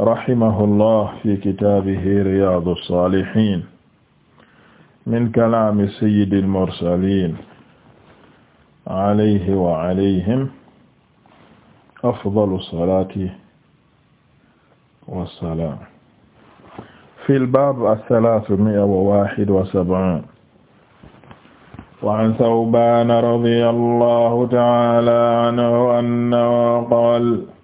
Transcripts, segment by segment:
rahimahullah fi kitaabihi riyaadu saalihiin min kalaami sayyidil mursaliin alayhi wa alayhim afdalu salaati wa salaam. fil baab as-salaasa mi'a wa waahid wa sab'uun. wa an Sawbaana radiyallaahu ta'aalaa anhu annahu qaala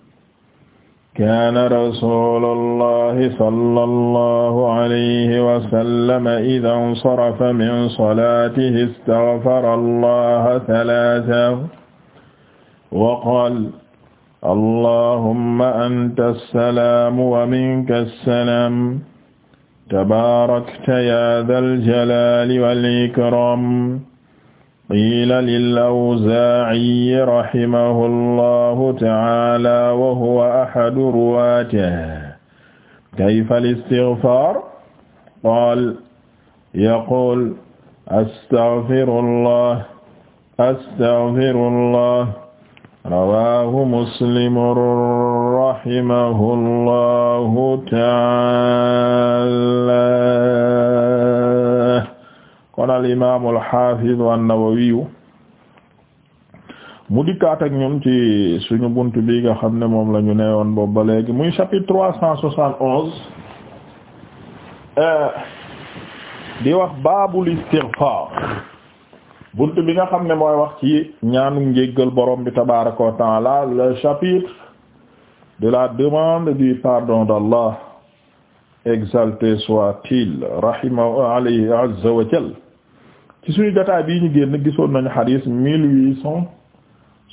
kaana rasuulullahi sallallahu alayhi wa sallam idaa insarafa min salaatihi istaghfara allaha salaatan wa qaala allahumma anta as-salaamu wa minka as-salaam tabaarakta yaa dhal jalaali wal ikraam qiila lil-Awzaa'i rahimahu llahu ta'aala wa huwa ahadu ruwaatihi kayfa al-istighfaar qaala yaquulu astaghfirullah astaghfirullah rawaahu muslimun rahimahu llahu ta'aala kon al imaam al xaafiz an-Nawawi mu dikkaat ak ñun ci suñu bunt bi nga xam ne moom la ñu neewoon boobu ba léegi muy chapitre trois cent soixante euh, di wax baabul istighfar bunt bi nga xam ne mooy wax ci ñaanu njéggal borom bi tabaaraka wa taala chapitre de la demande du pardon d'Allah exalté soit-il rahimahu alayhi azza wa ci suñu jotaay bii ñu génn gisoon nañu xadis mille huit cent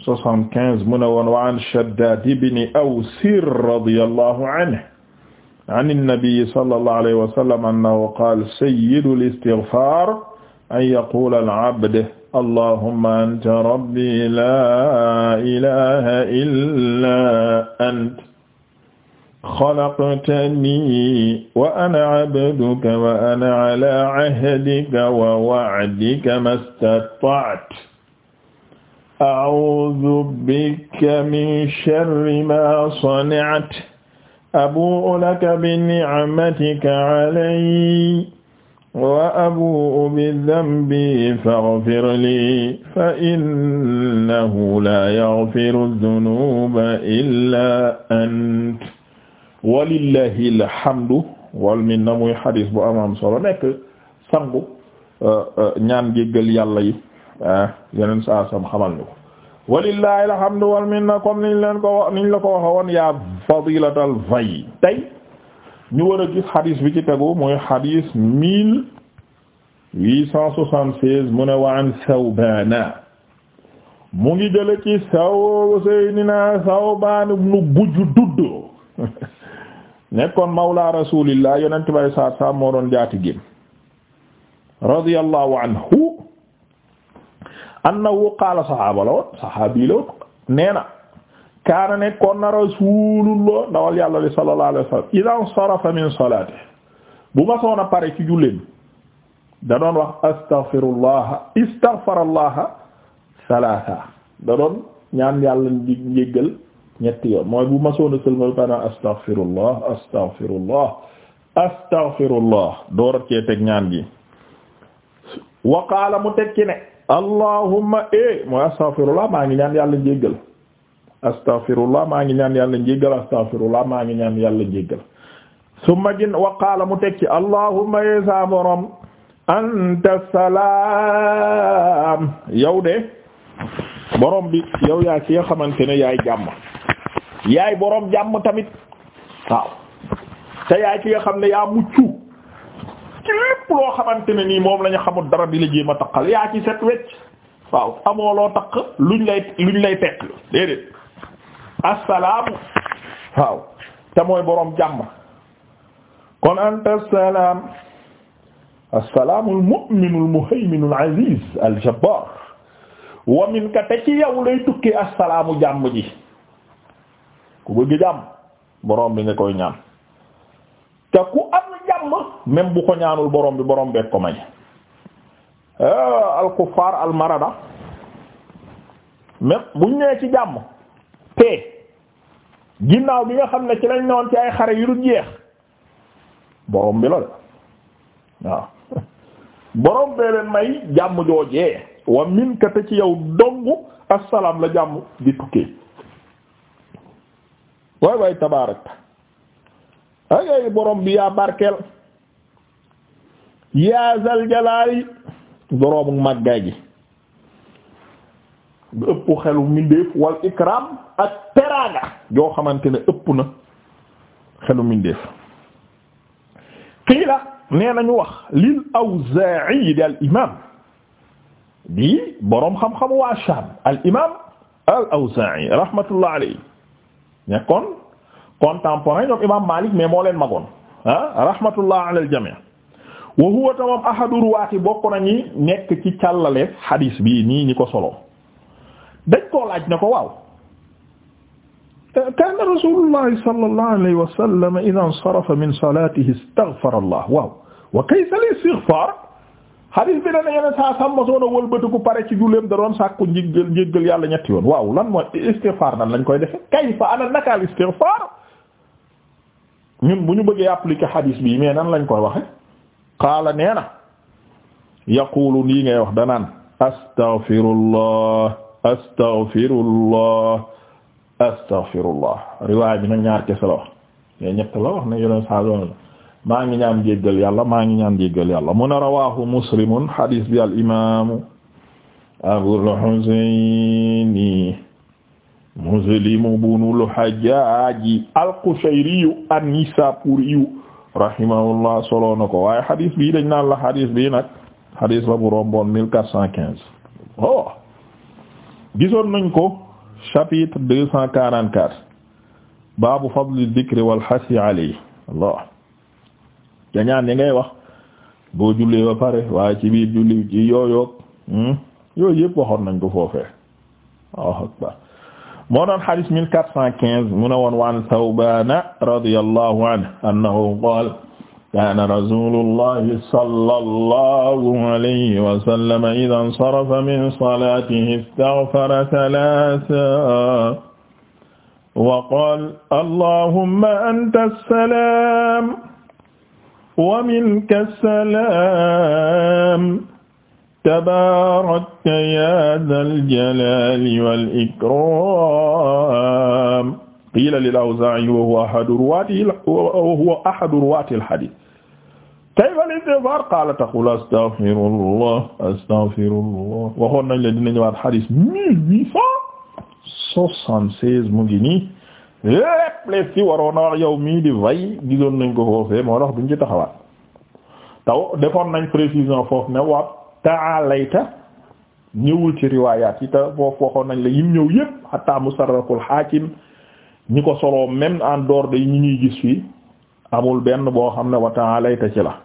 soixante-quinze mu ne woon wa an Shaddaad ibn Aws radiyallahu anhu an an-nabi sallallahu alayhi wa sallam annahu qaala sayyidul istighfaar an yaqula al-abdu allahumma anta rabbi laa ilaaha illaa anta xalaqtani wa ana abduka wa ana ala ahdika wa wa'dika mastata'tu a'uudu bika min sharri ma sana'tu abu'u laka bi ni'matika alayya wa abu'u bi dhanbi faghfir li fa innahu la yaghfiru dhunuba illa anta walillahi alhamdu wal minna muy xadis bu amam solo nekk sangu euh, euh, ñaan jéggal yàlla yi ah, yeneen saa sam xamal ñu ko walillahi alhamdu wal minna comme niñ leen ko wax niñ la ko waxe woon yaa fadilatal vay tey ñu war a gis xadis bi ci tegu mooy xadis mille huit cent soixante-seize mu ne wa an Sawbaana mu ngi jële ci saw Seydina Sawbaan ibnu Bujdud nekkoon mawla rasulillah yonent bay saat saam moo doon jaati gém radiyallahu anhu annahu qaala saxaaba la woon saxaabi la woon kaana nekkoon na rasulullah ndawal yàlla li sallallahu alayhi wasallam idan sarafa min salaati bu ma soon pare ci julleen da doon wax astaghfirullah istaghfarallaha salaasa da doon ñaan yàlla di njéggal ñetti yoon mooy bu masoon a sëlmal ba naan astaghfirullah astaghfirullah astaghfirullah door cee teg ñaan gi wa qaala mu teg ci allahumma e mooy astaghfirullah maa ngi ñaan yàlla njéggal astaghfirullah maa ngi ñaan yàlla njéggal astaghfirullah maa ngi ñaan yàlla njéggal summa gin wa qaala mu teg ci allahumma e sa borom anta salaam yow de borom bi yow yaay ki nga xamante ne yaay jàmm yaay borom jàmm tamit waaw te yaay ki nga xam ne yaa muccu ci loo xamante ne ni moom la ñu xamul dara di la jéem a taqal yaa set wecc waaw amoo loo taq luñ lay luñ lay tekk déedéet assalaamu waaw te mooy borom jàmm kon anta salaam assalaamu al mu'minu al muhayminu al aziz al jabbar wa ci yow lay tukkee assalaamu jàmm ji ku bëgg jàmm borom bi nga koy ñaan te ku am jàmm même bu ko borom bi borom beeg ko may eh, al kuffaar al marada même buñ ci jàmm te ginnaaw bi nga xam ne ci lañ newoon ci ay xare yu dul jeex borom bi la de waaw borom bee leen may jàmm joojee wa minka ci yow dong assalaam la jàmm di tukkee waay waay tabaarakta ay borom bi yaa barkeel yaa zal jalaali boroomu gi du ëpp xelu mindeef wal ikraam ak teraanga joo xamante ne ëpp na xelu mindeef qiila nee nañu wax lil awzaa'i yi daal imaam bi boroom xam-xamu waa Sham al imam al Awzaa'i rahmatullah alayhi nekkoon contemporain ñoom imam Malik mais moo leen magoon rahmatullah ala al jami' wa huwa tamam ahadu ruwaati bokk nekk ci càllale bi nii ñi ko solo dañ koo laaj ne Allah waaw wa kayfa xadis bi dana yeneen saa sam masoon a wëlbatiku pare ci julleem da doon sàkku njéggal njéggal yàlla ñetti yoon waaw lan mooy istighfar nan lañ koy defe kayfa ana naka al istighfar ñun bu ñu bëggee appliquer xadis bi mais nan lañ koy waxe qaala nee na yaqulu nii ngay wax danaan astaghfirullah astaghfirullah astaghfirullah riwaay bi nag ñaar kese la wax ñett la wax na yeneen saa maa ngi ñaan jéggal yàlla maa ngi ñaan jéggal yàlla mun a rawahu muslimun hadis bi al imaamu abul husayni muslimu bunul hajjaaji al qushayriyu an nisapuriyu rahimahullah soloo na ko waaye hadis bii dañ naan la hadis bii nag hadis la bu romboon mille quatre cent quinze oh gisoon nañ ko chapitre deux cent quarante-quatre baabu fadli dhikri wal hasi alayhi Allah ca ñaan yi ngay wax boo jullee ba pare waaye ci biir julli ci yooyoog hmm? yooyu yëpp waxoon nañ ko foofee waaw akbar moo doon xadis mille quatre cent quinze mu ne woon waan Sawbaana radiyallahu anhu annahu qaala kaana rasuulullahi sallallahu alayhi wa sallam idaa insarafa min salaatihi istaghfara salaasa wa qaala allahumma anta salaam wa minka salaam tabaarakta yaa zal jalaali wal ikraam qiila lil awzaa'i wa huwa ahadu ruwaati wa huwa ahadu ruwaati al hadiis kayfa al istighfaar qaala taqul astaghfirullah astaghfirullah waxoon nañ la dina ñëwaat hadiis mille huit cent soixante-seize mu ngi nii lépp lees ci waroon a wax yow mii di vay gisoon nañ ko foofee moo tax duñ ci taxawaat taw defoon nañ précision foofu ne wa ta'alayta ñëwul ci riwaayaat yi te foofu waxoon nañ la yim ñëw yépp hatta musarrakul hakim ñi ko soloo même en dehors de ñi ñuy gis fii amul benn boo xam ne wa ta'alayta ci la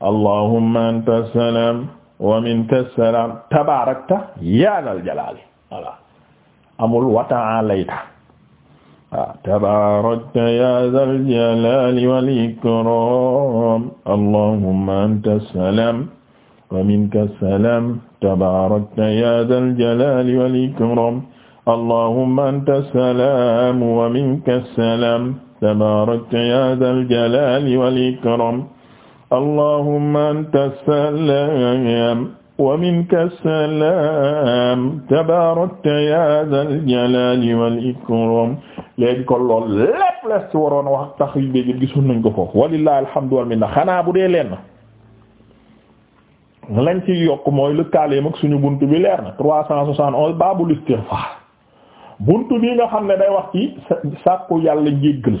allahumma anta salam wa minka salam tabarakta ya dal jalali voilà amul wa ta'alayta waaw tabaarakta ya zal jalali wal ikram allahumma anta salam wa minka salam tabaarakta ya zal jalali wal ikram allahumma anta salam wa minka salam tabaarakta ya zal jalali wal ikram allahumma anta salam wa minka salam tabaarakta ya zal jalali wal ikram léegi ko lool lépp les ci waroon a wax tax yu béykat gisoon nañ ko foofu walillahi alhamdu wal xanaa bu dee lenn lañ ci yokk mooy lëkkaaleem ak suñu buntu bi leer na trois cent soixante onze baabul istighfar buntu bi nga xam ne day wax ci sàkku yàlla jéggal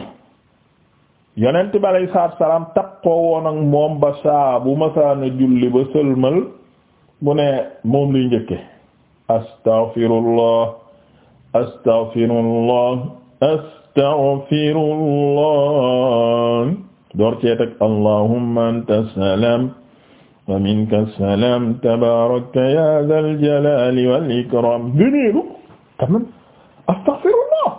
yonent bi alayhi salaatu wa salaam takkoo woon moom ba saa bu masaana julli ba sëlmal mu ne moom luy njëkke astaghfirullah astaghfirullah astaghfirullah door ceet ak allahumma anta salaam wa minka salaam tabaarakta ya zal jalaali wal ikraam gëneelu quand même astaghfirullah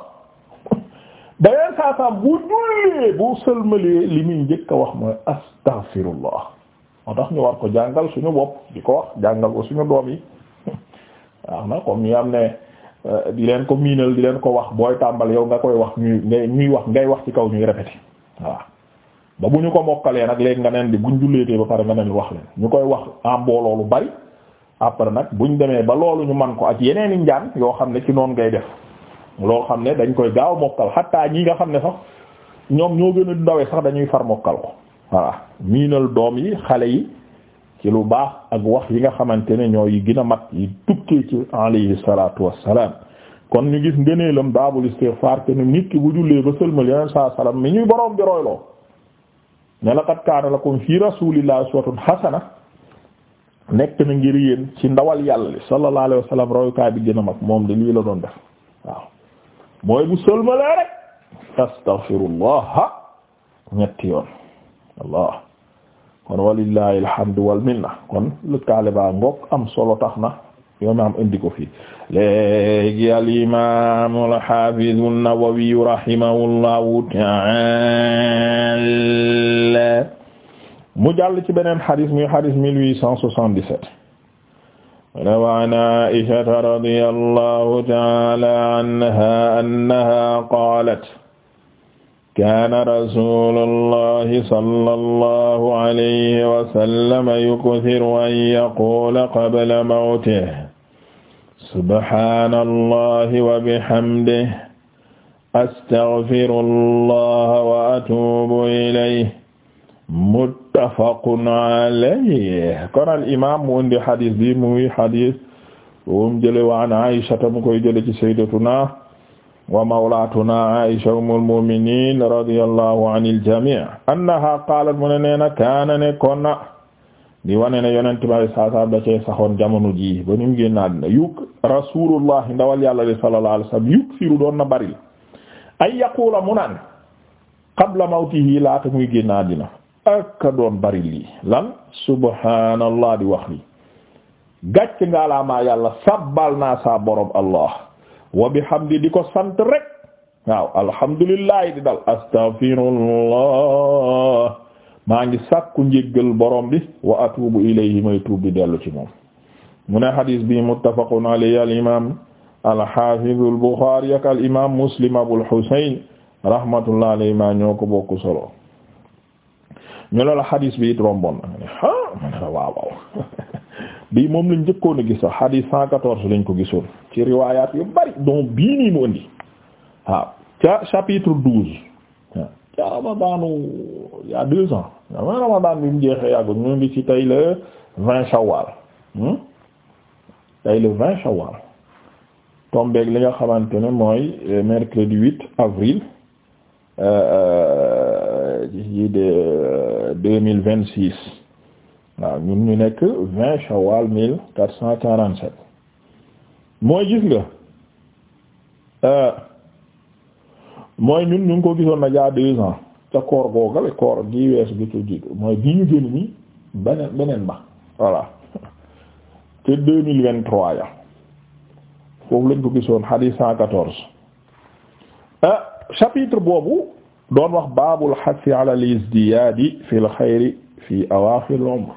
daleen saasaam bu jullee bu sëlmalee li muy njëkk wax mooy astaghfirullah moo tax war ko jàngal suñu bopp di ko wax jàngal ko suñu doom yi waaw na ne Euh, di leen ko miinal di leen ko wax booy tàmbal yow nga koy wax ñuy ngay ñuy wax ngay wax ci kaw ñuy répété waaw ba bu ñu ko mokkalee nag léegi nga neen di buñ julleetee ba pare nga neen wax leen ñu koy wax en mbooloo lu bari après nag bu ñu demee ba loolu ñu man ko ak yeneen i njaan yoo xam ne ci noon ngay def loo xam ne dañ koy gaaw mokkal xattaa ñi nga xam ne sax ñoom ñoo gën a ndawee sax dañuy far mokkal ko voilà miinal doom yi xale yi ci lu baax ak wax yi nga xamante ne ñoo yi gën a mag yi tukkee ci alayhi salaatu wassalaam kon ñu gis ngëneelam baabul istighfar te nit ki bu jullee ba sëlmal yeneen saa salaam mi ñuy boroom bi royloo ne laqad kaana lakum fi rasuulillahi uswatun hasana nekk na ngir yéen ci ndawal yàlla li sallallahu alayhi wasallam royukaay bi gën a mag moom de lii la doon def waaw mooy bu sëlmalee rek astaghfirullah ñetti yoon allah kon walillahi alhamdu wal minna kon lëkkaale baa ngoog am solo tax na yoo ma am indi ko fii léegi al imam al hafiz an-Nawawi rahimahullahu ta'ala mu jàll ci beneen xadis muy xadis 1877 روان عائشة رضي الله تعالى عنها أنها قالت kaana rasuulullahi sallallahu alayhi wa sallam yukthiru an yaqula qabla mawtihi subhaanallahi wa bihamdihi astaghfirullaha wa atuubu ilayhi muttafaqun alayhi kon al imaam mu indi xadis bi muy xadis bu mu jëlee wa an Aysata mu koy jëlee ci sayyidatuna wa mawlaatuna Aisha ummul mu'minin radiyallahu anil jami' annaha qaalat mu ne nee na kaana ne kon na di wane ne yonent bi saasaam da cee saxoon jamono jii ba ñu génn àddina yuk rasulullah ndawal yàlla li sallallahu alayhi wasallam yuk siru doon na bari ay yaqula mu naan qabla mawtihi laata muy génn àddina ak doon bari lii lan subhanallah di wax li gàcc ngaalaamaa yàlla sabbal naa saa borom allah wa bihamdi di ko sant rek waaw alhamdulillahi di dal astaghfirullah maa ngi sàkku njéggal borom bi wa atubu ilayhi may tuub di dellu ci moom mu ne hadis bi muttafaqun alayhi al imam alhafidu al-Bukhari ak Muslim Abul Husayn rahmatullah alayhi ma ñoo bi trombon ha man la waaw waaw bi moom lañ njëkkoon a gis hadis ko gisoon ci riwaayaat yu bari donc bii nii mu indi waaw ca chapitre douze ca ramadaanu il y a deux ramadan bi mu jeexee yàggu ñu ngi ci tey le vingt shawwal hmm? tey le vingt shawwal tombeeg li nga xamante ne mooy euh, mercredi huit avril euh, euh, ci de deux mille vingt six waaw ñun ñu nekk vingt shawwal mille quatre cent quarante sept mooy gis nga Euh, mooy ñun ñu ko gisoon na jaa deux ans ca koor googale koor gi weesu gi ci jiitu mooy bii ñu génn nii beneen ba voilà te deux mille vingt trois ya foofu lañ ko gisoon hadith cent quatorze euh, chapitre boobu doon wax baabul hassi ala al-izdiyaadi fil xayri fi awaaxiril umr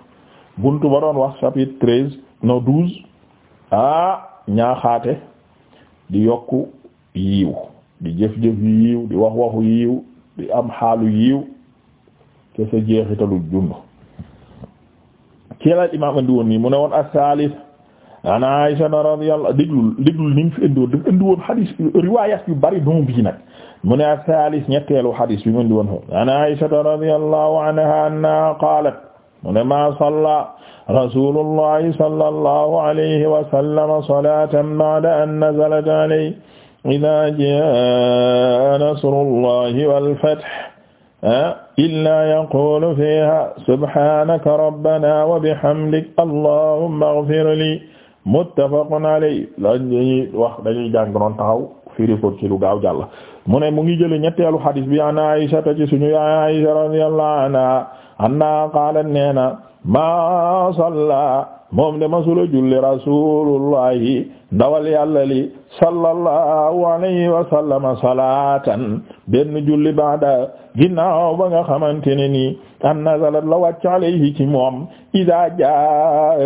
buntu ba doon wax chapitre treize no douze ah ñaaxaate di yokku yiiw di jëf-jëf yu yiiw di wax waxu yiiw di am xaalu yiiw te sa jeexitalu jund kii laaj imaam andi woon nii mu ne woon as-saalis an Aisha radiyallahu déglul déglul ni mu fi indi woon daf indi woon xadis riwaayat yu bari don bii nag mu ne as-saalis ñetteelu xadis bi mu indi woon foofu an Aisha radiyallahu anha annaha qaalat mu ne maa salla rasulullahi sallallahu alayhi wa sallam salatan ba'da an nazalat alayhi idaa jaa nasrullahi wal fath illaa yaquulu fiihaa subhaanaka rabbanaa wa bihamdik allahumma ighfir lii muttafaqun alayhi dañuy wax dañuy jàng noonu taxaw firi ko ci lu gaaw jàll mu ne mu ngi jël ñetteelu xadiis bi an Aysa ta ci suñu Aysa radiyallahu anha anna qaala neena maa salla moom de masula julli rasulullahi ndawal yàlla li sallallahu alayhi wa salaatan benn julli baada ginnaaw ba nga xamante ni nii an nazalat la wàcc alayhi ci moom idaa jaa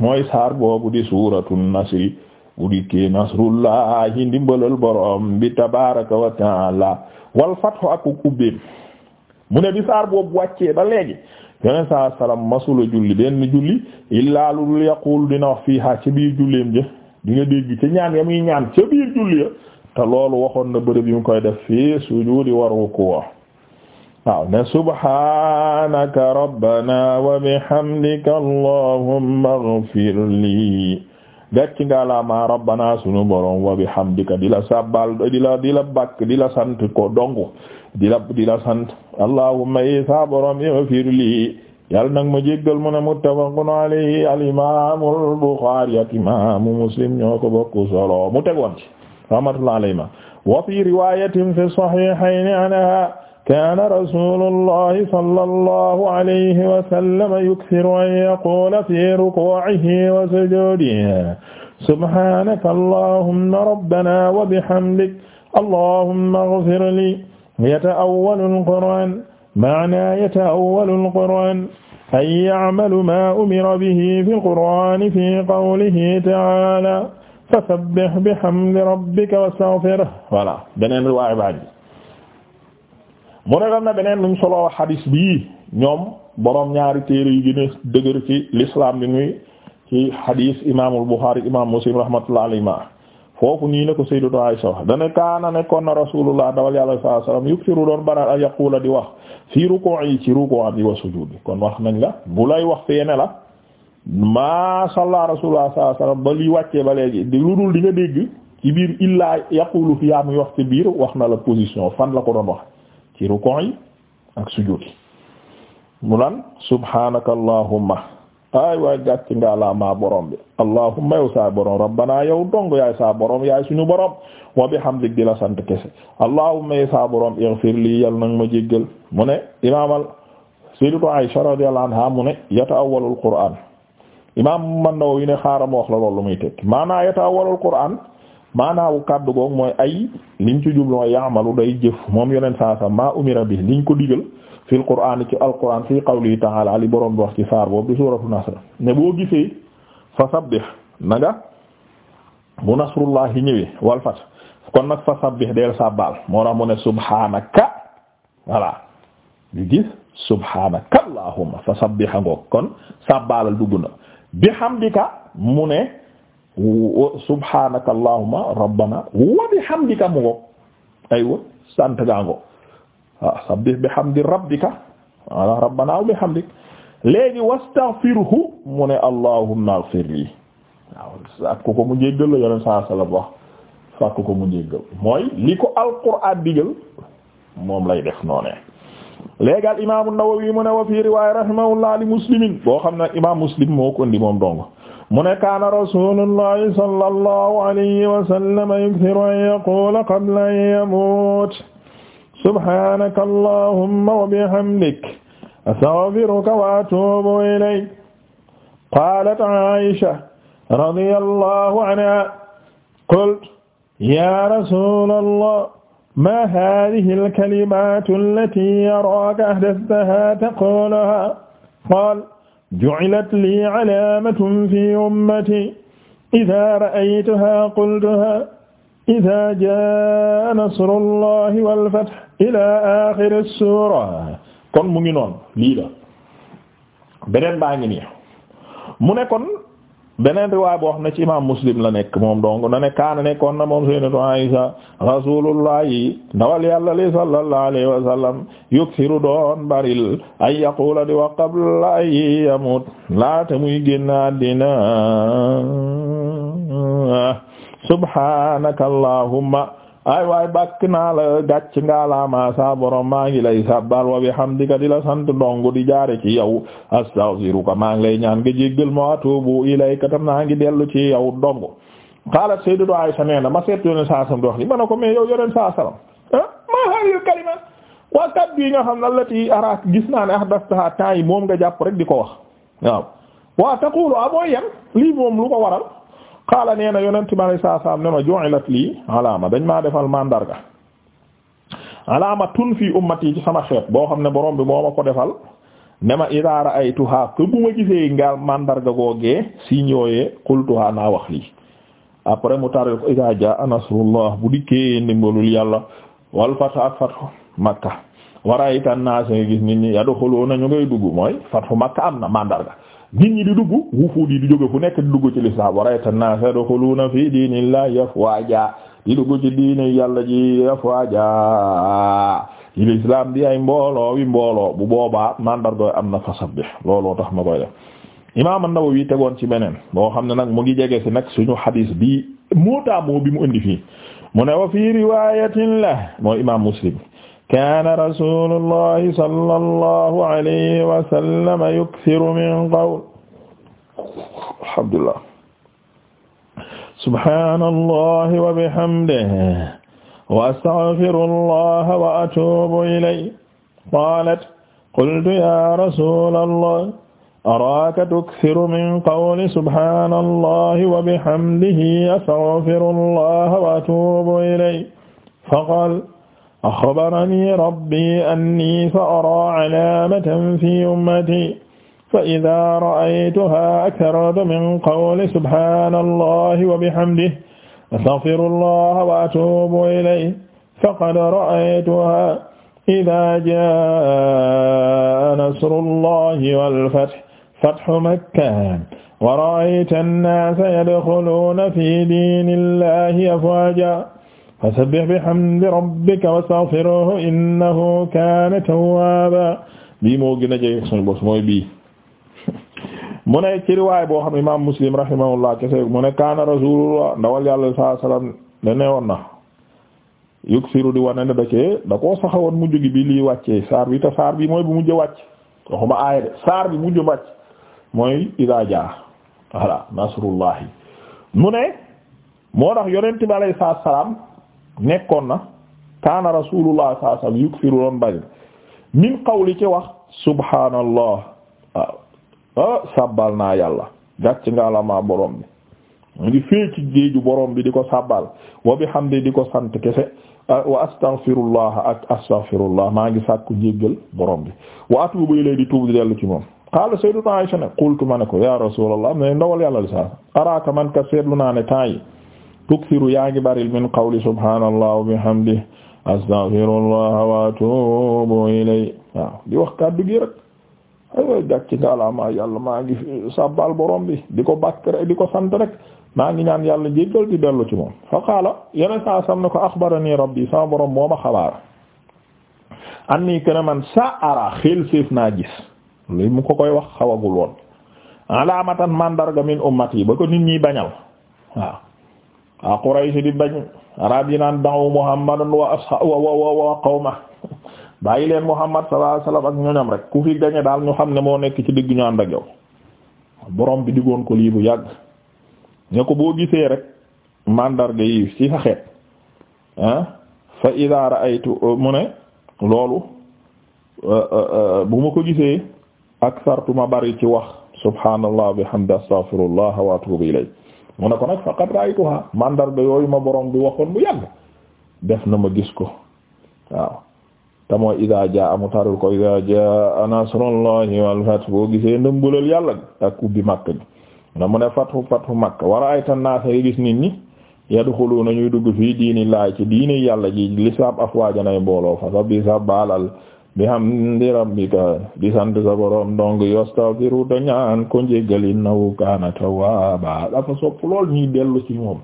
mooy saar boobu di suuratun nasri bu dikkee nasrullahi ndimbalal borom bi tabaraka wa wal fathu ak mu ne bi saar boobu wàccee ba léegi yeneen saa salaam masula julli benn julli illaa lu yaqul dina wax fiihaa ca biir julleem ja di nga dégg ca ñaan ya muy ñaan julli ya te loolu waxoon na bërëb yu mu koy def fii sujuudi war rukkuu waaw ne subhaanaka rabbana wa bihamdika allahumma ighfir lii gàcc nga la ma rabbana sunu borom wa bihamdika di la di la di sant ko dongu di la di la sant allahumma i sa borom ighfir li yàlla nag ma jéggal mu ne muttafaqun alayhi al imaamul Buxaari ak imaamu Muslim ñoo ko bokk solo mu tegoon ci rahmatullahi alayhima wa fi riwaayatin fi sahihayn anha kaana rasuulullahi sallallahu alayhi wa sallam yukthiru an yaqula fi rukuu'ihi wa sujuudihi subhaanaka allahumma rabbana wa bihamdika allahumma ighfir li yata'awwalu al-Qur'aan ma'naa yata'awwalu al-Qur'aan ay ya'malu maa umira bihi fil Qur'aani fii qawlihi ta'aalaa fasabbih bihamdi rabbika wastaghfirhu voilà beneen riwaaya baa ngi mu ne dam na beneen nuñ soloo xadiis bii ñoom boroom ñaari téere yu gën a dëgër ci l'islam bi muy ci xadiis imaamul Buxaari imaam Muslim rahmatullahi alayhi foofu nii la ko sayyidatu Aisha wax dana kaana nekkoon na rasulullah dawal yàlla sallallahu alayhi wasallam yuksiru doon baral yaqula di wax fii ruku'i ci ruku'a bi wa sujud bi kon wax nañ la bu lay wax feene la maa salla rasulullah sallallahu alayhi ba li wàccee ba léegi di lu dul di dégg ci biir illa yaqulu fi yaa muy wax ci biir wax na la position fan la ko doon wax ci ruku'i ak sujud yi mu lan subhanaka ay waay gàcc ngaalaamaa borom bi allahumma yow saa borom rabbana yow dong yaay saa borom yaay suñu borom wa bihamdik di la sant kese allahumma yow saa borom ighfir lii yal nag ma jéggal mu ne imaamal sayyidatu Aisha radiyallahu anha mu ne yata'awwalul qur'aan imaam man nawawi ne xaaram wax la loolu muy tekki maanaa yata'awwalul qur'aan maanaawu kàddu goog mooy ay liñ ci jublu mooy yaamalu day jëf moom yeneen saa sa umira bi liñ ko digal fil qur'aan ci alquran fi qawli ta'ala li borom bi wax ci saar boobu di suuratu nasr ne boo gisee fa sabbih na nga bu nasrullahi ñëwee wal kon nag fa sabbih deel sabbal moo la mu ne subhaanaka voilà ñu gis subhaanaka allahumma fa sabbih ngoog kon sabbalal dugg na bihamdika mu ne. subhanaka allahumma rabbana wa bihamdika mu ngo aywa sant gaa ngo waaw ah, rabbika wala rabbana wa bihamdik léegi wastaghfirhu mu ne allahumma ighfir li waaw sàkk ko mu jéggal la yoneen sala wax mu li ko alquraan digal moom lay def noonee léegi al imaamu Nawawi mu wa fi riwaaya rahimahullah li boo xam ne imaam muslim moo ko moom dong mu ne kaana rasulullahi sallallahu alayhi wa sallam yukthiru an yaqula qabla an yamut subhanaka allahumma wa bihamdik astaghfiruka wa atubu ilayk qalat aisha radiyallahu anha qultu ya rasulallah ma hadihi alkalimatu allati yaraka ahdathaha taquluha qala ju'ilat lii alaamatun fi ummati idaa ra'aytahaa qultahaa idaa jaa'a nasrullaahi wal fath ilaa aaxiri suura kon mu ngi noonu lii la beneen baa ngi nii mu ne kon beneen riwaay boo xam ne ci imaam muslim la nekk moom dong na ne kaana nekkoon na moom sayyidatu Aisha rasulullahi ndawal yàlla li sallallahu alayhi wa sallam baril ay yaqula di wa qabla ay yamut laata muy génn àddina subhanaka allahumma ay waay bàkk naa la gàcc ngaa la ma sa borom maa ngi lay sabbal wa bihamdika di la sant ndongo di jaare ci a yow astaghfiruka maa ngi lay ñaan nga jéggal ma atubu ilayka tam naa ngi dellu ci yow ndongo qalat sayyidatu Aisha nee na ma seet yoneen saa sallam di wax ma na ko mais yow yoneen saa sallam ah maa haadihi kalima waa kaddu yi nga xam ne allati araak gis naa ne ahdathtaha temps yi moom nga jàpp rek di ko wax waaw waa taqulu amoo ah, yan lii moom lu ko qaala nee na yonent bi alayhi ne ma ju'ilat lii alaama dañ maa defal mandarga alaama tun fii ummati ci sama xeet boo xam ne borom bi moo ma ko defal ne ma idaa ra'aytuhaa que bu ma gisee ngal mandarga googee siñ yooyee qultuhaa naa wax lii après mu taril ko idaa jaa nasrullah bu dikkee ndimbalul yàlla wal fath ak fathu makka wa ra'aytan naas gis nit ñi yadxuluuna ñu ngay dugg mooy fathu makka am na mandarga nit ñi di dugg wufuud yi di jóge fu nekk di dugg ci lislaam warayta naasa yadxuluuna fi diinillahi afwaaja di dugg ci diini yàlla ji afwaaja ci lislaam di ay mbooloo wi mbooloo bu boobaa mandargooy am na fasabbih looloo tax ma koy def imaam an wi tegoon ci beneen boo xam ne nag mu ngi jege si nag suñu xadiis bi moo taamoo bi mu indi fii mu ne wa fii riwaayatin la imaam Muslim kaana rasuulullahi sallallahu alayhi wa sallam yukthiru min qawl alhamdulillah subhaanallahi wa bihamdihi wa astaghfirullaha wa atuubu ilayhi qaalat qultu yaa rasuulallahi araaka tukthiru min qawli subhaanallahi wa bihamdihi astaghfirullaha wa atuubu ilayhi faqaala axbarani rabbi anni sa araa calaamatan fi ummati fa idaa ra'aytuhaa aktartu min qawli subhaana allahi wa bihamdihi astaghfirullaha wa atuubu ilayhi faqad ra'aytuhaa idaa jaa'a nasrullahi wal fath fathu makka wa ra'ayta annaasa yadxuluuna fi diinillahi afwaajan fasabbih bihamdi rabbika wastaghfirhu innahu kaana tawwaaba bii moo gën jege suñu bos mooy bii mu ne ci riwaay boo xam imaam Muslim rahimahullah kese mu ne kaana rasuulullah ndawal yàlla sallallahu alayhi wasallam ne newoon na yuksiru gi bi lii wàccee saar bi te saar bi mooy bu mujj wàcc aaya de saar bi mujj wàcc mooy idaa jaa voilà nasrullahi mu ne moo tax yonent bi alayhi salaam nekkoon na kaana rasulullah sallallahu alayhi wasallam yukthiru doon bari min qawli ci wax subhaanallah waaw ah, ah, sabbal na yàlla gàcc nga alamaa borom bi mu gi fee ci géeju borom bi di ko sabbal wa bihamdi di ko sant kese ah, wa astaghfirullah ak astaghfirullah maa ngi sàkku jéggal borom wa atubu ilay di tuub di dellu ci moom qaala sayyidatu Aisha ne qultu ma ne ko ya rasulallah ne ndawal yàlla li sa araaka man ka seetlu naa ne yi tuksiru yaa ngi baril min qawli subhaanallah wa bihamdihi astaghfirullah wa atuubu waaw di wax kàddu gi rek aywa gàcc ngaalaamaa yàlla maa ngi sabbal borom bi di ko di ko sant rek maa ngi ñaan yàlla jéggal di dellu ci moom fa qaala yeneen sam ne ko axbarani rabbi sama borom moo ma xabaar anni kana man sa ara xel naa gis li mu ko koy wax xawagul woon alamatan mandarga min ummati ba ko nit ñi bañal a Quraysh di bañ arab yi naan da'u Muhammadan wa ashaab wa wa wa qawma bàyyi leen Muhammad sallallahu alayhi wasallam ak ñoñam rek ku fi gañe daal ñu xam ne moo nekk ci digg ñu ànd ak yow borom bi diggoon ko lii bu yàgg ne boo gisee rek màndarga yi ci sa xeet ah, fa idaa ra'aytu mu ne loolu euh, euh, euh, bu ma ko gisee ak sartu ma bari ci wax subhaanallah bihamdi astaghfirullah wa atuubu mu ne ko nag faqad ra'aytuha mandarga yooyu ma borom bi waxoon bu yàgg def na ma gis ko waaw te mooy idaa jaa mu taril ko idaa jaa nasrullahi wal boo gisee ndëmbulal yàlla ak ubbi Makka gi na mu ne fathu fathu Makka wa ra'aytan naasa yi gis nit ñi yadxuluuna ñuy dugg fii diini laay ci diini yàlla ji lislaam afwaajanay mbooloo fa sa bi sa baalal bihamdi rabbika di sant sa borom donc yastaghfiru te ñaan ko njéggal innahu kaana tawwaaba dafa sopp lool ñuy dellu ci moom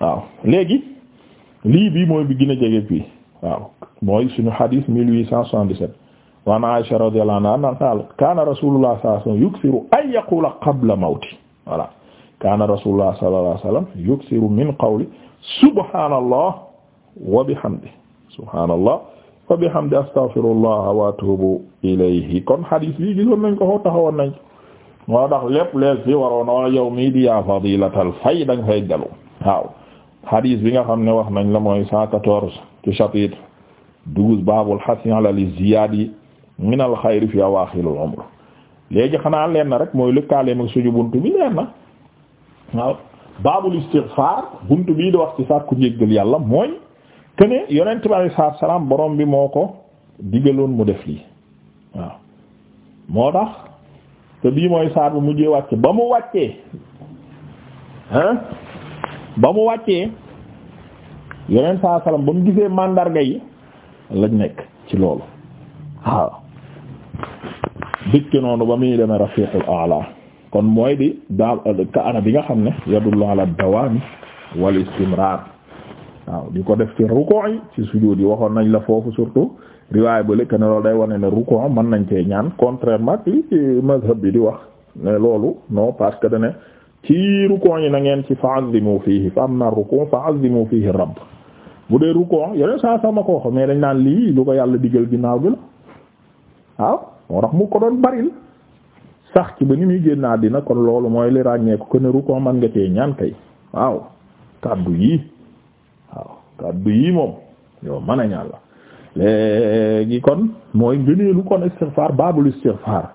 waaw lii bi mooy bi gën a jege fii waaw mooy suñu hadith 1877 wa an Aisha radiyallahu anha qaal kaana rasulullah sallallahu alayhi wasallam yukthiru an yaqula qabla mawti voilà kaana rasulullah sallallahu alayhi wasallam yukthiru min qawli subhanallah wa bihamdihi subhanallah fa bihamdi astaghfirullah wa atubu ilayhi kon hadis bi gisoon nañ ko foofu taxawoon nañ moo tax lépp lees fi waroon a yow mii di yaa fadilatal fay da nga fay dellu waaw bi nga xam ne wax nañ la mooy cent quatorze ci chapitre douze babul hasi ala li ziyadi min al xayri fi awaaxil al umr léegi xanaa leen na rek mooy lëkkaale mag suñu bunt bi leen na waaw babul istighfar bunt bii di wax ci sàkku njéggal yàlla mooy te ne yonent bi alayhi salaatu salaam borom bi moo ko digaloon mu def lii waaw moo tax te bii mooy saar bu mujjee wàcce ba mu wàccee hein ba mu wàccee yonent saa salaam ba mu gisee màndarga yi lañ nekk ci loolu waaw dikk noonu ba muy demee rafiqul a'la kon mooy di daal ka bi nga xam ne yadullu ala dawami wal istimrar waaw di ko def ci rukkoo yi ci sujjóot yi waxoon nañ la foofu surtout riwaay ba lekk ne loolu day wane ne rukkoo mën nañ cee ñaan contrairement ci mazhab bi di wax ne loolu non parce que dane ci rukkoo yi na ngeen ci fa'azimu fiihi fa amma rukkoo fa'azimu fiihi rabb bu dee rukkoo yeneen saa sama koo xam mais dañ naan lii lu ko yàlla digal ginnaaw gi la waaw moo tax mu ko doon baril sax ci ba ni muy génn àddina kon loolu mooy li ràññeeku ko ne rukkoo mën nga cee ñaan kay yi kàddu yi moom yow mën a ñaan la léegi kon mooy ngëneelu kon istighfar baabul istighfar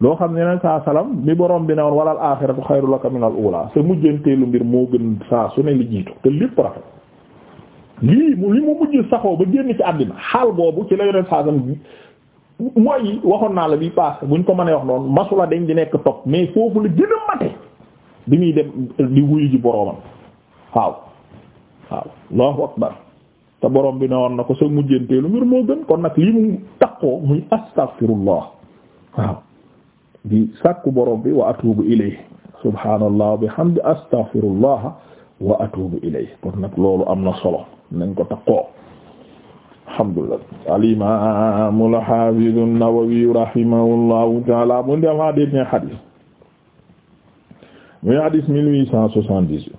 loo xam ne nañ saa salaam mi borom bi ne woon walal aaxiratu xayru laka minal uulaa sa mujjanteelu mbir moo gën saa su ne li jiitu te lépp rafet lii mu li mu mujj saxoo ba génn ci àddina xaal boobu ci la yore saa salaam mooy waxoon naa la bi paase buñ ko mënee wax noonu masula dañ di nekk topp mais foofu la gën a mate bi ñuy dem di wuyu ji boromam waaw. waaw allahu akbar te borom bi ne woon na ko sa mujjanteelu mbir moo kon nag lii mu taqoo muy astaghfirullah waaw di sàkku borom bi wa atubu ilayhi subhaanallah bi hamdi astaghfirullah wa atubu ilayhi kon nag loolu am na solo nañ ko taqoo alhamdulillah al-imaam al-haafiz an-Nawawi rahimahullahu ta'ala mu ndemaa dégg nga xadis muy xadis mille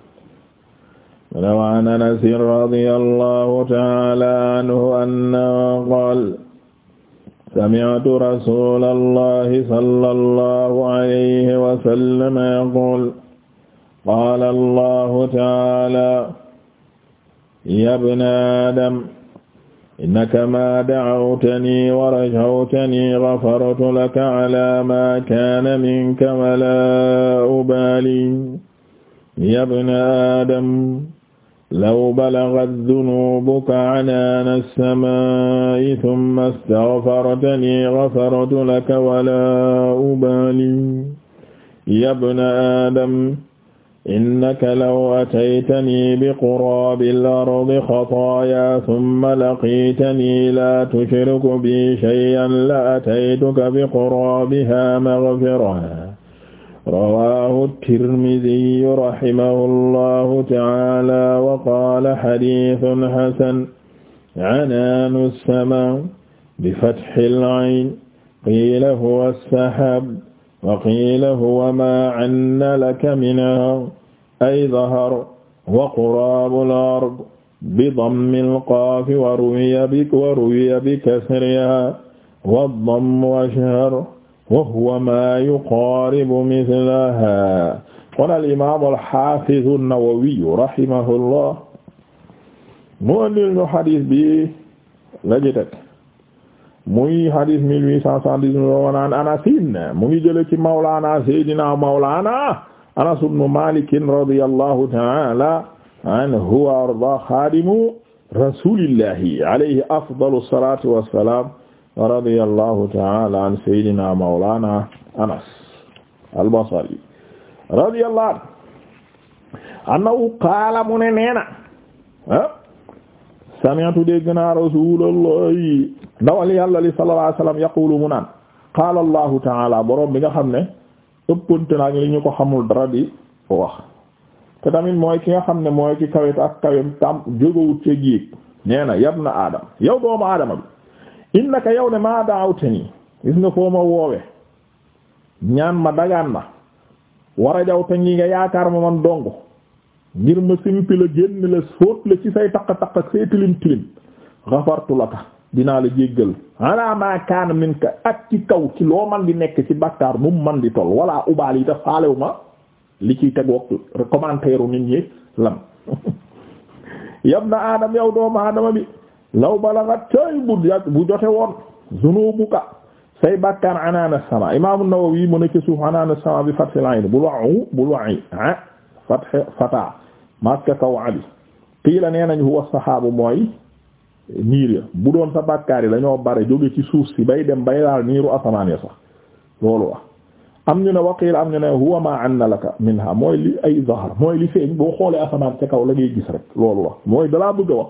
rawaan anasin radiyallahu taala anhu anna qaal sami'tu rasulallahi sallallahu alayhi wa sallam yaqul qaala allahu taala ya bna adam innaka ma da'awtani wa rajawtani ghafartu laka ala ma kaana minka wa la ubaali ya bna adam law balagat dunuubuka anaana as-samaa'i thumma astaghfartanii ghafartu laka walaa ubaali yabna aadam innaka law ataytanii biquraabil ardi xataayaa thumma laqiitanii laa tushriku bii shay'an la ataytuka biquraabihaa maghfiratan rawaahu tirmidiyu rahimahullahu ta'ala wa qaala hadiisun hasan canaanu samaa bi fathil ayn qiila huwa sahab wa qiila huwa maa canna laka minhaa ay dahar wa quraabul ard bi dammil qaafi wa ruwiya bi wa ruwiya bi kasrihaa wa dammu ashhar wa huwa maa yuqaaribu mislahaa qaala al-imaam al-haafiz an-Nawawi rahimahullah mu andil ñu xadis bi lañu teg muy xadis mille huit cent soixante-dix-neuf an Anasin mu ngi jële ci mawlaana Seydina mawlaana Anas ibn Maalik radiyallahu ta'aala anhu wa ardaa xaadimu rasuulillahi alayhi afdalu salaatu wa salaam radiyallahu ta'ala an sayyidina mawlana Anas al-Basri radiyallahu anhu qaala mu ne neena sami'tu dégg naa rasulallahi ndawal yàlla li sallallahu alayhi wasallam mu naan qaala allahu ta'ala borom bi nga xam ne ëppante naag li ñu ko xamul dara di wax te mooy ki nga xam ne mooy ki kawet ak kawem tam jógawut ci giig neena yab na aadama yow doomu aadama bi innaka yow ne maa daawtani gis nga foo ma woowe ñaan ma dagaan ma wara jaw te nga yaakaar ma man dong ngir ma simpi la génn la fóot la ci say taq-taq ak say tilim tilim xafartu la ka dinaa la jéggal ala ma kaana min ka ak ci kaw ci loo man di nekk ci bakkaar mu man di tol wala ubaal yi te faalewu ma li ciy tegook commentaire nit ñi lam yab na aadam yow doomu aadama bi law balagat cay bu bu jote woon zunubuka say bàkkaar anaana sama imaamu Nawawi mu ne ci suuf anaana sama bi fathil ayn bul waxu bul waxi ah fathe fata maska kaw abi qiila nee nañ huwa saxaabu mooy niir bu doon sa bàkkaar yi dañoo bare jóge ci suuf si bay dem bay laal niiru asamaan ya sax loolu am ñu ne waqiila am ñu ne huwa ma anna laka minha mooy li ay zahar mooy li feeñ boo xoolee asamaan ca kaw la ngay gis rek loolu wax mooy dalaa bu a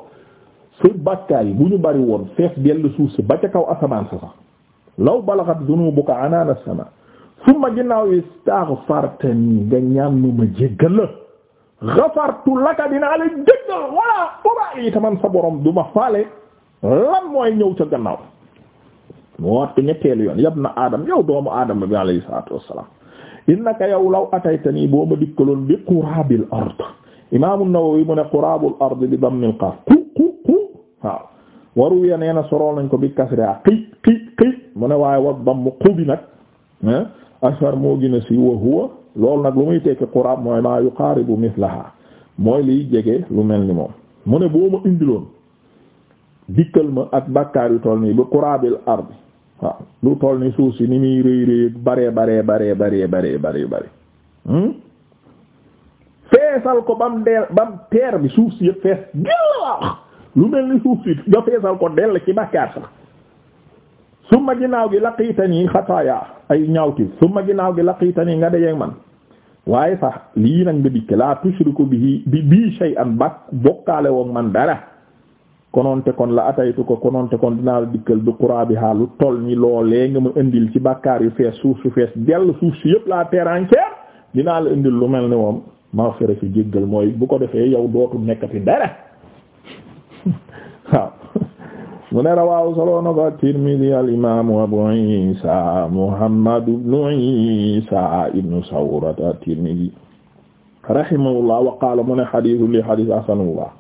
suuf bàkkaar yi bu ñu bari woon fees dell suuf si ba ca kaw asamaan sa sax law balaxat dunubuka anaana sama summa ginnaaw istaghfartani nga ñaan nu ma jéggal la ghafartu laka dinaa la jéggal walla taman sa borom du ma faale lan mooy ñëw ca gannaaw moo wat ko ñetteelu yoon yab na adam yow doomu adama bi alayhi salaatu wassalaam innaka yow law ataytani boo ma dikkaloon bi qurabil ard imaamu Nawawi mu ne qurabul ard bi dammil qaaf waaw waru ya nee na soroo nañ ko bi kasra ah, qiy qiy qiy mu ne waaye wa damm qubi nag ashar moo gën a si wa huwa loolu nag lu muy tekki qurab mooy maa yuqaribu mislaha mooy liy jege lu mel ni moom mu ne boo ma indiloon dikkal ma ak bakkaar yu toll nii bi qurabil ard waaw lu toll ni suuf si ni muy rëy rëy bare bare bare bare bare bare bare hmm? feesal ko bam deel bam teer bi suuf si yëpp fees gëlla wax lu mel ni suuf si nga feesal ko dell ci bàkkaar sax summa ginnaaw gi laqitani xataaya ay ñaawti summa ginaaw gi yi laqitani nga dajeeg man waaye sax lii nag nga dikke la tushriku bihi bi bii shay'an bak bokkaale woon man dara kononte kon la ataytu ko kononte kon dinaa la dikkal bi qurabiha lu toll ni loolee nga ma indil ci bàkkaar yu fees suuf su fees dell suuf si yëpp la terre dinaa la indil lu mel ni woom ma maghfira fi jéggal mooy bu ko defee yow dootu nekkati dara waaw mu ne ko at-Tirmidhi al-imaamu Abu Isa Muhammad ibnu Isa ibnu Sawra at-Tirmidhi rahimahullah wa qaala mu ne xadiisu li xadiis asanullah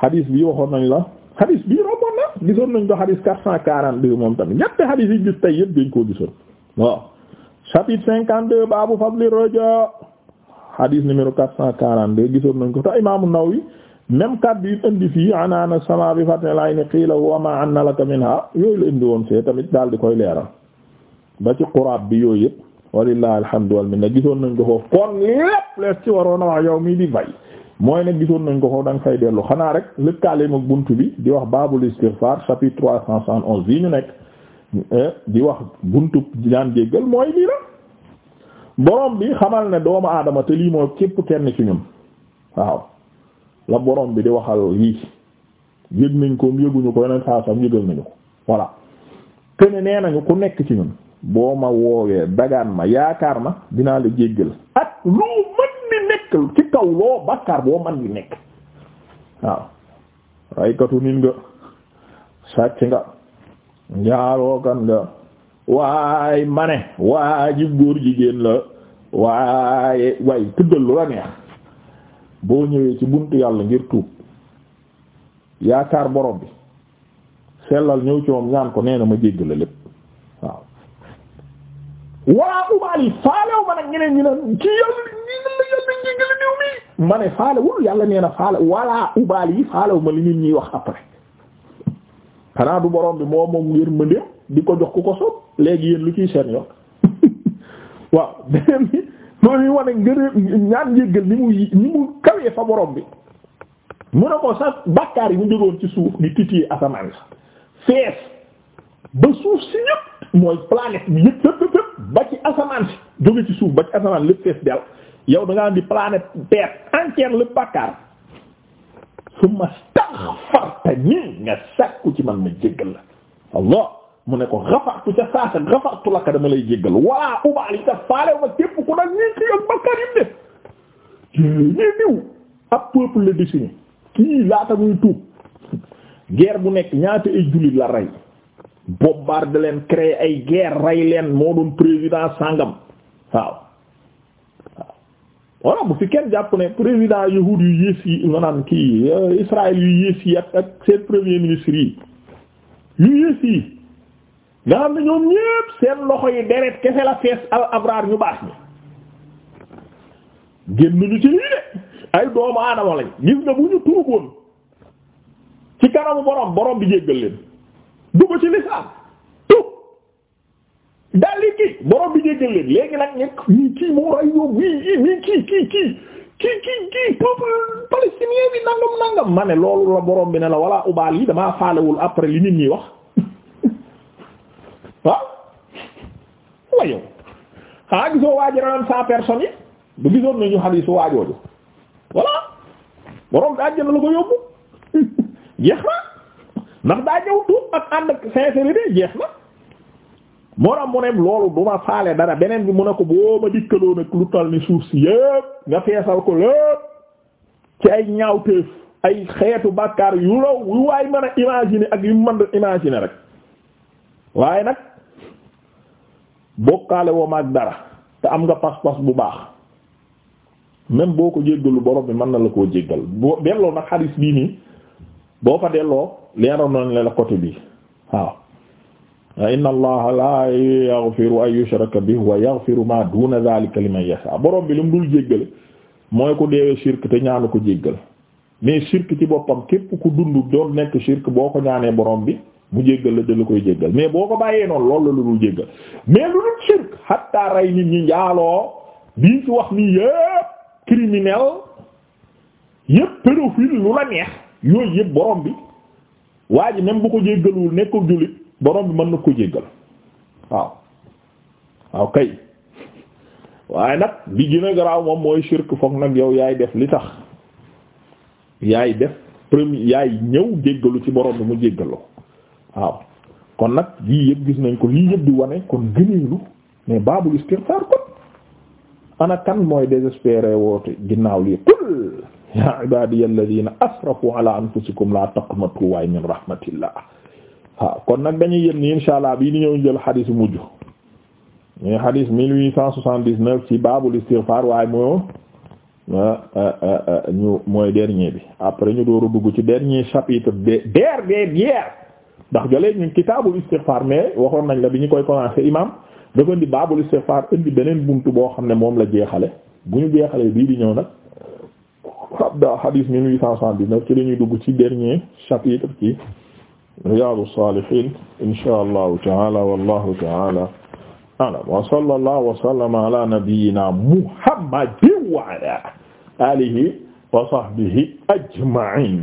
xadiis bi waxoon nañ la xadiis bi romboon na gisoon nañ ko xadiis quatre cent quarante-deux moom tamit ñetti xadiis yi gis tey yëpp dañ koo gisoon waaw chapitre cinquante-deux baabu fadli rajaa xadiis numéro quatre cent quarante-deux gisoon nañ ko te Imaamu Nawawi même kàddu yi indi fii anaana sama bi fatne laay ni xiila wa ma anna laka minha yooyu la indi woon fee tamit daal di koy leeral ba ci quraab bi yooyu yëpp walillahi alhamdu wal minna gisoon nañ ko foofu kon lépp lees ci waroon a wax yow mii di bay mooy ne gisoon nañ ko foofu da fay dellu xanaa rek lëkkaale mag buntu bi di wax babul istighfar chapitre trois cent soixante onze bii ñu nekk eh, di wax buntu ñaan jéggal mooy lii la bi xamal ne doomu aadama te lii mooy képp kenn ci ñun la borom bi di waxal yii yëg nañ ko yëguñu ko yeneen saa sam yëgal nañu ko voilà kene nee nañu ku nekk ci ñun boo ma woowee dagaan ma yaakaar ma dinaa la jéggal ak loo mën ni nekk ci kaw loo bàkkaar boo mën ni nekk waaw raykatu nit nga sàcc nga njaalookan nga waay mane waa ji góor jigéen la waaye way tuddal lu la neex boo ñëwee ci buntu yàlla ngir tuub yaakaar borom bi sellal ñëw ci moom ñaan ko nee na ma jégg la lépp waaw walla ubaali faalewu ma nag ñeneen ñi naan ci yàlla ñi yàlla njéggal nee na faale walla ubaali faalewu ma li ñun ñuy wax après xanaa borom bi moo moom yërmandeem di ko jox ku ko soob léegi yéen lu ciy seen yoon waaw mooy wane ngërë ñaan njéggal ni mu ni mu kawee fa borom bi mu ne ko sax bakkaar yi mu jógoon ci suuf di titiyee asamaan sa fees ba suuf si ñëpp mooy planète bi yëpp ba ci asamaan si jóge ci suuf ba ci asamaan lépp fees del yow da ngaa di planète terre entière lépp bàkkaar summa staghfartani nga sàkku ci man ma jéggal la Allah mu ne ko xafartu ca saasa xafartu laka dama lay jéggal walla ubaal yi ta faale ma képp ku nag ñii ci ak bakkar yim def ñii diw ab peuple le désigné kii laata muy tuub guerre bu nekk ñaata ay jullit la rey bombarde leen créer ay guerre rey leen moo doon président sangam waaw voilà bu fi kenn jàpp ne président yahuud yu yées yi maanaam kii euh, Israël yu yées yi ak ak seen premier ministre yi yu yées yi nga xam ne ñoom ñépp seen loxo yi deret kese la fees al ñu baax ñi génnuñu ci lii de ay doomu aadama lañ gis nga bu ñu tuuboon ci kanamu borom borom bi jéggal leen dugg ci lislaam tuub daal di kii borom bi jéggal leen léegi nag ñekk ñii kii moo ray yóbbu mii kii kii kii kii kii kii peuple palestinien nangam nangam ma ne loolu la borom bi ne la walla ubaal yi damaa faalewul après li nit ñi wax waaw wa yow ah gisoo waaji ranam cent personnes yi du gisoon nañu hadiisu waajooju voilà borom daa jënd lu ko yóbbu jeex na ndax daa ñëw tuub ak ànd ak sincérité jeex na moo tax mu ne loolu du faale dara beneen bi mu ne ko boo ma dikkaloon ak lu tal ni suuf si yépp nga feesal ko lépp ci ay ñaawteef ay xeetu bàkkaar yu law yu waay mën a imaginer ak yu mën a imaginer rek waaye nag bokkaale woo maag dara te am nga pas-pas bu baax même boo ko jéggalu borom bi mën na la koo jéggal boo delloo nag xadis bii nii boo fa delloo leeroon nañ la la côté bi waaw inna allaha la yaghfiru an yushraka bihi wa yaghfiru ma duna dhalika liman yasha borom bi lu mu dul jéggale mooy ko deewee shirk te ñaanu ko jéggal mais shirk ci boppam képp ku dund doon nekk shirk boo ko ñaanee borom bi mu jéggal la da la koy jéggal mais boo ko bàyyee noonu lool la lu dul jéggal mais lu dul shirk hatta rey nit ñi njaaloo bii ci wax nii yépp criminel yépp pédophile lu la neex yooyu yépp borom bi waa ji même bu ko jéggalul nekkul jullit borom bi mën na ko jéggal waaw waaw kay waaye nag bi gën a garaaw moom mooy shirk foog nag yow yaay def li tax yaay def premier yaay ñëw jéggalu ci borom bi mu jéggaloo waaw kon nag yii yëpp gis nañ ko lii yëpp di wane kon gëneelu mais baabul istighfar kon ana kan mooy désespéré woote ginnaaw lii qul yaa ibadiya alladhina asrafu ala anfusikum la taqnatu waay min rahmatillah waaw kon nag dañu yëm ni insha allah bii ñu ñëw jël xadis mujj mais xadis 1879 ci baabul istighfar waaye moo ah, ah, ah, ñu mooy dernier bi après ñu dooru dugg ci dernier chapitre de der der der ndax jëlee ñu kitaabul istighfar mais waxoon nañ la bi ñu koy commencé imam dafa indi baabul istighfar indi beneen buntu boo xam ne moom la jeexale bu ñu jeexalee bii di ñëw nag abda hadith 1879 ci la ñuy dugg ci dernier chapitre ci Riyadus Salihin insha allahu taala wallahu taala a'lam wa sallallahu wa sallama ala nabiyyina muhammadin wa ala wa sahbihi ajma'in